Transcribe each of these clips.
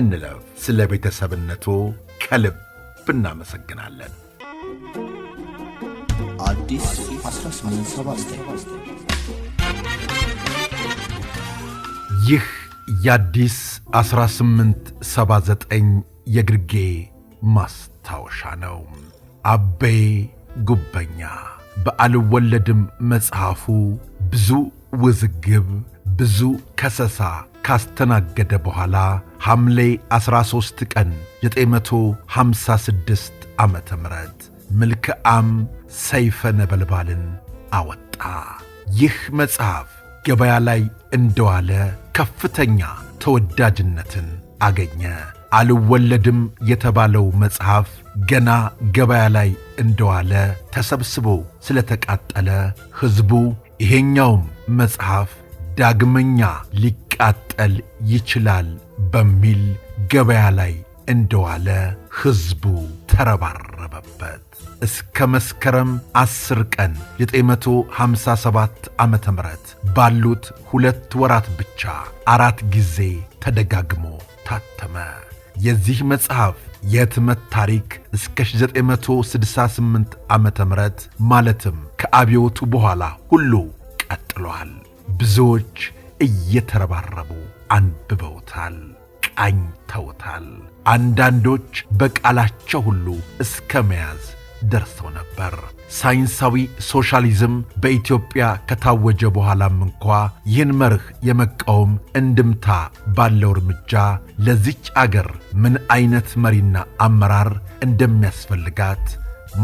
እንለፍ። ስለ ቤተሰብነቱ ከልብ እናመሰግናለን። ይህ የአዲስ 1879 የግርጌ ማስታወሻ ነው። አቤ ጉበኛ በአልወለድም መጽሐፉ ብዙ ውዝግብ፣ ብዙ ከሰሳ ካስተናገደ በኋላ ሐምሌ 13 ቀን 956 ዓ ም ምልክዓም ሰይፈ ነበልባልን አወጣ። ይህ መጽሐፍ ገበያ ላይ እንደዋለ ከፍተኛ ተወዳጅነትን አገኘ። አልወለድም የተባለው መጽሐፍ ገና ገበያ ላይ እንደዋለ ተሰብስቦ ስለተቃጠለ ሕዝቡ ይሄኛውም መጽሐፍ ዳግመኛ ሊቃጠል ይችላል በሚል ገበያ ላይ እንደዋለ ሕዝቡ ተረባረበበት። እስከ መስከረም 10 ቀን 957 ዓ ም ባሉት ሁለት ወራት ብቻ አራት ጊዜ ተደጋግሞ ታተመ። የዚህ መጽሐፍ የህትመት ታሪክ እስከ 968 ዓ ም ማለትም ከአብዮቱ በኋላ ሁሉ ቀጥሏል። ብዙዎች እየተረባረቡ አንብበውታል፣ ቃኝተውታል። አንዳንዶች በቃላቸው ሁሉ እስከ መያዝ ደርሰው ነበር። ሳይንሳዊ ሶሻሊዝም በኢትዮጵያ ከታወጀ በኋላም እንኳ ይህን መርህ የመቃወም እንድምታ ባለው እርምጃ ለዚች አገር ምን አይነት መሪና አመራር እንደሚያስፈልጋት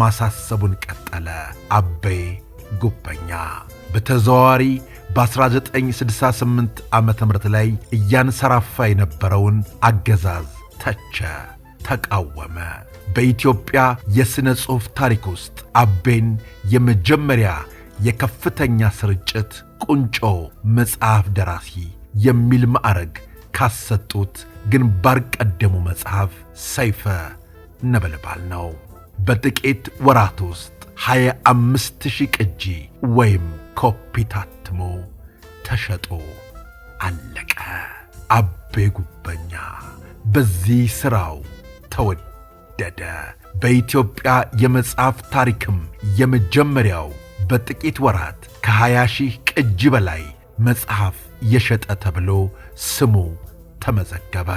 ማሳሰቡን ቀጠለ። አቤ ጉበኛ በተዘዋዋሪ በ1968 ዓ ም ላይ እያንሰራፋ የነበረውን አገዛዝ ተቸ፣ ተቃወመ። በኢትዮጵያ የሥነ ጽሑፍ ታሪክ ውስጥ አቤን የመጀመሪያ የከፍተኛ ስርጭት ቁንጮ መጽሐፍ ደራሲ የሚል ማዕረግ ካሰጡት ግንባር ቀደሙ መጽሐፍ ሰይፈ ነበልባል ነው። በጥቂት ወራት ውስጥ 25 ሺህ ቅጂ ወይም ኮፒ ታትሞ ተሸጦ አለቀ። አቤ ጉበኛ በዚህ ሥራው ተወደደ። በኢትዮጵያ የመጽሐፍ ታሪክም የመጀመሪያው በጥቂት ወራት ከ20 ሺህ ቅጂ በላይ መጽሐፍ የሸጠ ተብሎ ስሙ ተመዘገበ።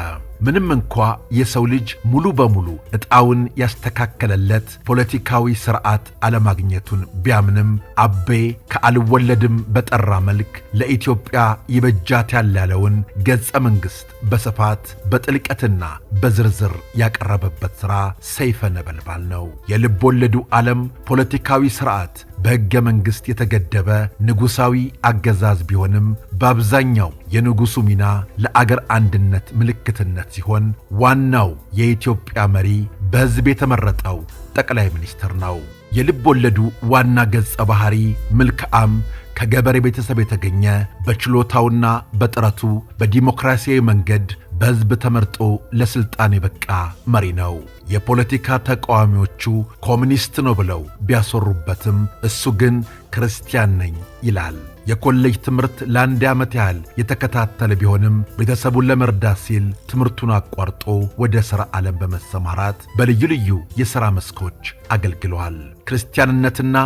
ምንም እንኳ የሰው ልጅ ሙሉ በሙሉ ዕጣውን ያስተካከለለት ፖለቲካዊ ሥርዓት አለማግኘቱን ቢያምንም አቤ ከአልወለድም በጠራ መልክ ለኢትዮጵያ ይበጃት ያላለውን ገጸ መንግሥት በስፋት በጥልቀትና በዝርዝር ያቀረበበት ሥራ ሰይፈ ነበልባል ነው። የልብ ወለዱ ዓለም ፖለቲካዊ ሥርዓት በሕገ መንግሥት የተገደበ ንጉሣዊ አገዛዝ ቢሆንም በአብዛኛው የንጉሡ ሚና ለአገር አንድነት ምልክትነት ሲሆን፣ ዋናው የኢትዮጵያ መሪ በሕዝብ የተመረጠው ጠቅላይ ሚኒስትር ነው። የልብ ወለዱ ዋና ገጸ ባህሪ ምልክዓም ከገበሬ ቤተሰብ የተገኘ በችሎታውና በጥረቱ በዲሞክራሲያዊ መንገድ በሕዝብ ተመርጦ ለሥልጣን የበቃ መሪ ነው። የፖለቲካ ተቃዋሚዎቹ ኮሚኒስት ነው ብለው ቢያሰሩበትም እሱ ግን ክርስቲያን ነኝ ይላል። የኮሌጅ ትምህርት ለአንድ ዓመት ያህል የተከታተለ ቢሆንም ቤተሰቡን ለመርዳት ሲል ትምህርቱን አቋርጦ ወደ ሥራ ዓለም በመሰማራት በልዩ ልዩ የሥራ መስኮች አገልግሏል። ክርስቲያንነትና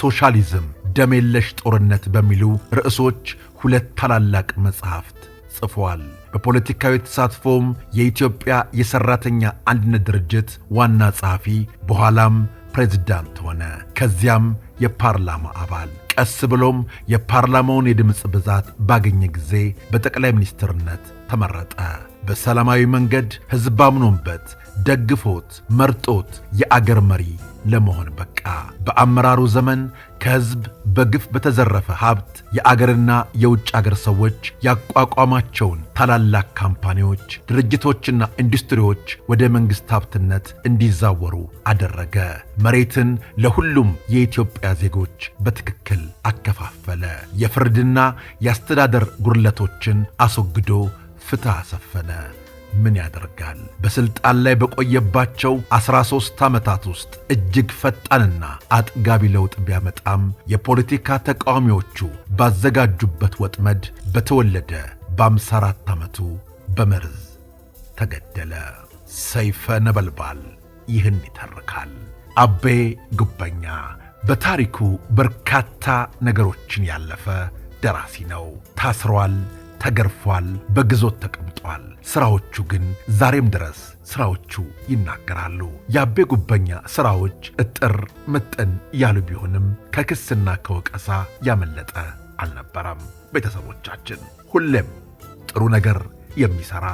ሶሻሊዝም ደም የለሽ ጦርነት በሚሉ ርዕሶች ሁለት ታላላቅ መጽሐፍት ጽፏል። በፖለቲካዊ ተሳትፎም የኢትዮጵያ የሠራተኛ አንድነት ድርጅት ዋና ጸሐፊ፣ በኋላም ፕሬዝዳንት ሆነ። ከዚያም የፓርላማ አባል ቀስ ብሎም የፓርላማውን የድምፅ ብዛት ባገኘ ጊዜ በጠቅላይ ሚኒስትርነት ተመረጠ። በሰላማዊ መንገድ ሕዝብ አምኖበት ደግፎት መርጦት የአገር መሪ ለመሆን በቃ። በአመራሩ ዘመን ከሕዝብ በግፍ በተዘረፈ ሀብት የአገርና የውጭ አገር ሰዎች ያቋቋማቸውን ታላላቅ ካምፓኒዎች፣ ድርጅቶችና ኢንዱስትሪዎች ወደ መንግሥት ሀብትነት እንዲዛወሩ አደረገ። መሬትን ለሁሉም የኢትዮጵያ ዜጎች በትክክል አከፋፈለ። የፍርድና የአስተዳደር ጉድለቶችን አስወግዶ ፍትሕ አሰፈነ። ምን ያደርጋል? በሥልጣን ላይ በቆየባቸው ሦስት ዓመታት ውስጥ እጅግ ፈጣንና አጥጋቢ ለውጥ ቢያመጣም የፖለቲካ ተቃዋሚዎቹ ባዘጋጁበት ወጥመድ በተወለደ በአምሳ አራት ዓመቱ በመርዝ ተገደለ። ሰይፈ ነበልባል ይህን ይተርካል። አቤ ጉበኛ በታሪኩ በርካታ ነገሮችን ያለፈ ደራሲ ነው። ታስሯል። ተገርፏል፣ በግዞት ተቀምጧል። ስራዎቹ ግን ዛሬም ድረስ ስራዎቹ ይናገራሉ። የአቤ ጉበኛ ስራዎች እጥር ምጥን ያሉ ቢሆንም ከክስና ከወቀሳ ያመለጠ አልነበረም። ቤተሰቦቻችን ሁሌም ጥሩ ነገር የሚሰራ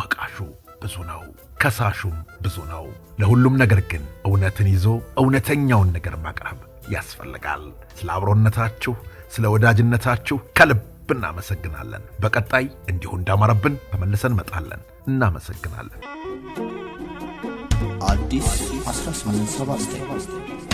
ወቃሹ ብዙ ነው፣ ከሳሹም ብዙ ነው። ለሁሉም ነገር ግን እውነትን ይዞ እውነተኛውን ነገር ማቅረብ ያስፈልጋል። ስለ አብሮነታችሁ፣ ስለ ወዳጅነታችሁ ከልብ ከልብ እናመሰግናለን። በቀጣይ እንዲሁ እንዳማረብን ተመልሰን መጣለን። እናመሰግናለን። አዲስ 1879